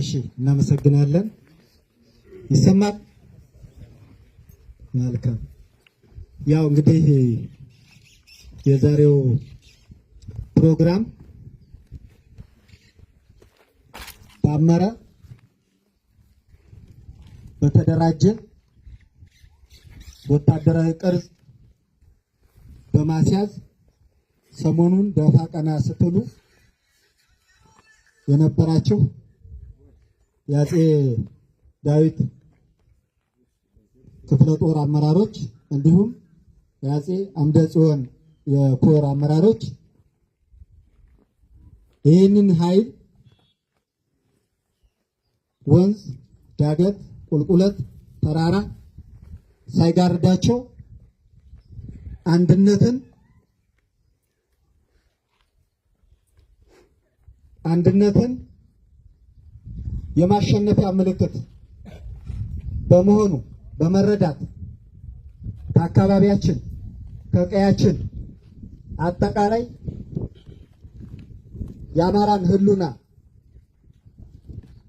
እሺ፣ እናመሰግናለን። ይሰማል። መልካም። ያው እንግዲህ የዛሬው ፕሮግራም ባመረ በተደራጀ ወታደራዊ ቅርጽ በማስያዝ ሰሞኑን ደፋ ቀና ስትሉ የነበራችሁ የአፄ ዳዊት ክፍለ ጦር አመራሮች እንዲሁም የአፄ አምደ ጽዮን የኮር አመራሮች ይህንን ኃይል ወንዝ፣ ዳገት፣ ቁልቁለት፣ ተራራ ሳይጋርዳቸው አንድነትን አንድነትን የማሸነፊያ ምልክት በመሆኑ በመረዳት ከአካባቢያችን ከቀያችን አጠቃላይ የአማራን ህሉና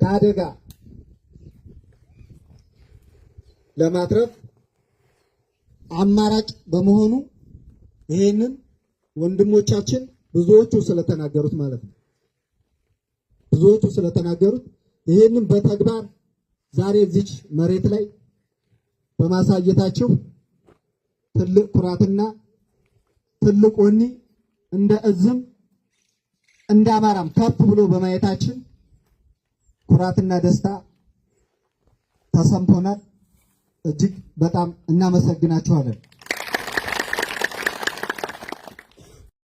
ከአደጋ ለማትረፍ አማራጭ በመሆኑ ይህንን ወንድሞቻችን ብዙዎቹ ስለተናገሩት ማለት ነው። ብዙዎቹ ስለተናገሩት ይህንም በተግባር ዛሬ እዚች መሬት ላይ በማሳየታችሁ ትልቅ ኩራትና ትልቅ ወኒ እንደ እዝም እንደ አማራም ከፍ ብሎ በማየታችን ኩራትና ደስታ ተሰምቶናል። እጅግ በጣም እናመሰግናችኋለን።